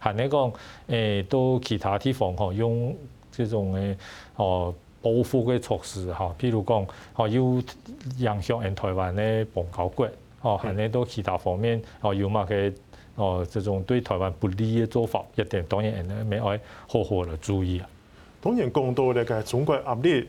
還能夠誒，到其他地方嗬，用這種誒，哦保護嘅措施嚇，譬如講，哦有影響人台灣咧邦交國，哦係你到其他方面哦，有乜嘅哦這種對台灣不利的做法，一定當然人咪要好好嚟注意啊。當然講到的嘅總嘅壓力。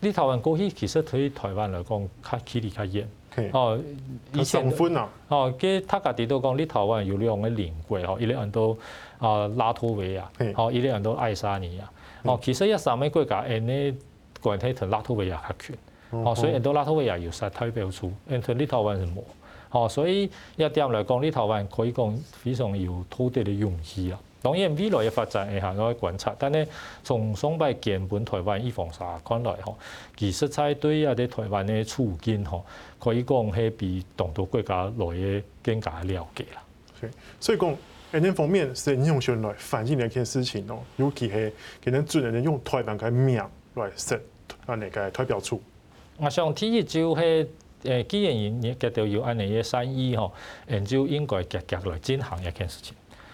立陶宛過去其實對於台灣嚟講較起嚟較遠。是哦，以前哦，佢他家啲都講立陶宛有兩個鄰國哦，伊啲人都啊拉脫維亞哦，伊啲人都愛沙尼亞哦，是其實一三個國家，呢貫體同拉脫維亞合群、嗯哼。哦，所以人都拉脫維亞有晒代表處，粗，而同立陶宛是冇。哦，所以一點嚟講，立陶宛可以講非常有土地的勇氣啊！當然，未來嘅發展係可以觀察，但從從雙邊、本台或依方上來看，其實才對阿啲台灣嘅處境，可以講係比同度國家來嘅更加了解啦。所以講，呢方面是英雄來反映一件事情咯，尤其係佢哋專人用台灣嘅名來設，啊，呢個代表處，我想，第一就係誒，既然你覺得要按你嘅善意，吼，就應該積極來進行一件事情。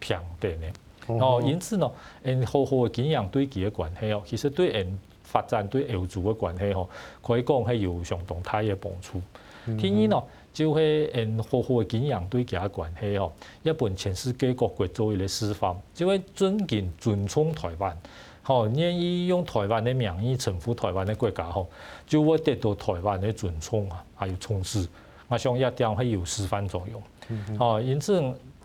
平的呢，哦，因此呢，因好好嘅經營對其他關係哦，其實對因發展對歐洲嘅關係哦，可以講係有相當大嘅幫助。第二、嗯、哼呢，就係因好好嘅經營對其他關係哦，一部分世給各國作為嘅示範，就會尊敬尊崇台灣，吼，願意用台灣嘅名義稱呼台灣嘅國家，吼，就會得到台灣嘅尊崇啊，還有重視，我想也定會有示範作用，哦、嗯哼，因此呢。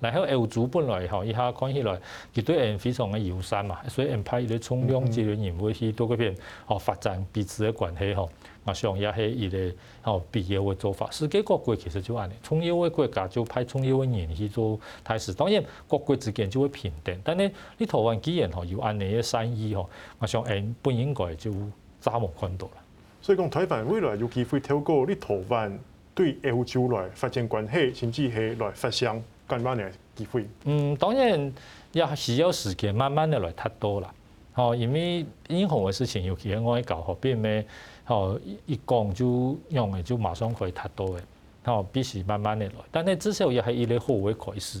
嗱，後歐洲本來吼，伊較看起來佢對 M 非常誒友善嘛，所以 M 派啲重量級嘅人物去多幾片哦，嗯嗯嗯發展彼此誒關係吼。我想也迄伊咧吼必要誒做法。世界各國其實就安尼，重要嘅國家就派重要嘅人去做態勢，當然國家之間就會平等。但係立陶宛既然吼有安尼誒善意吼，我想 M 本應該就早冇看到啦。所以講台灣未來有機會透過立陶宛對歐洲來發展關係，甚至係來發生。慢慢嚟機會，嗯，當然也需要時間慢慢的來達到啦。哦，因為英雄嘅事情，尤其我喺搞，何必咩？哦，一講就用嘅就馬上可以達到嘅，哦，必須慢慢來，但係至少亦係一啲好嘅開始。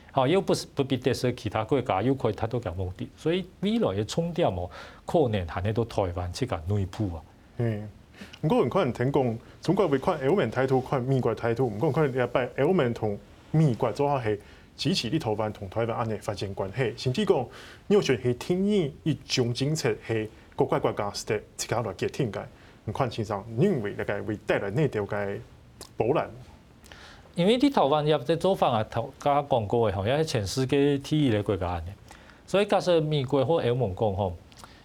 啊！又不是不必得失其他國家，又可以達到佢目的，所以未來嘅衝點冇可能行喺到台灣即個內部啊。嗯，唔過可能聽講中國會看歐盟態度，看美國態度，唔過可能又係歐盟同美國做下係支持啲台灣同台灣阿內發展關係。甚至講，你要想係聽呢一種政策係國外國家勢力之間來結聽嘅，唔看情上認為呢個會帶來呢條嘅波瀾？因為啲台灣人做法啊，加講過嘅，吼，也係全世界第一嘅國家嘅，所以假設美國或歐盟講吼，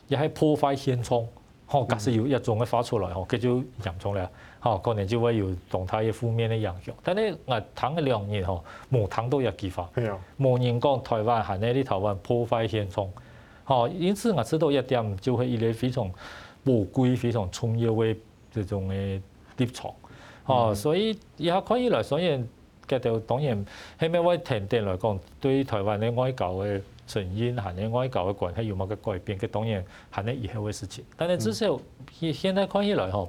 也係破壞現狀吼，假設、嗯、有一種嘅發出來，吼，佢就嚴重啦，嚇，可能就會有動態嘅負面嘅影響。但係我談兩年，吼，冇談到一句話，冇人講台灣係呢啲台灣破壞現狀嚇，因此我知道一點就係呢啲非常寶貴非常重要嘅這種嘅立場。哦， 所以以後可以來。所以嘅就當然喺咩威停電來講，對台灣的外交嘅成因，係呢外交嘅關係，有冇嘅改變，佢當然係呢以後嘅事情。但係至少現現在可以來吼。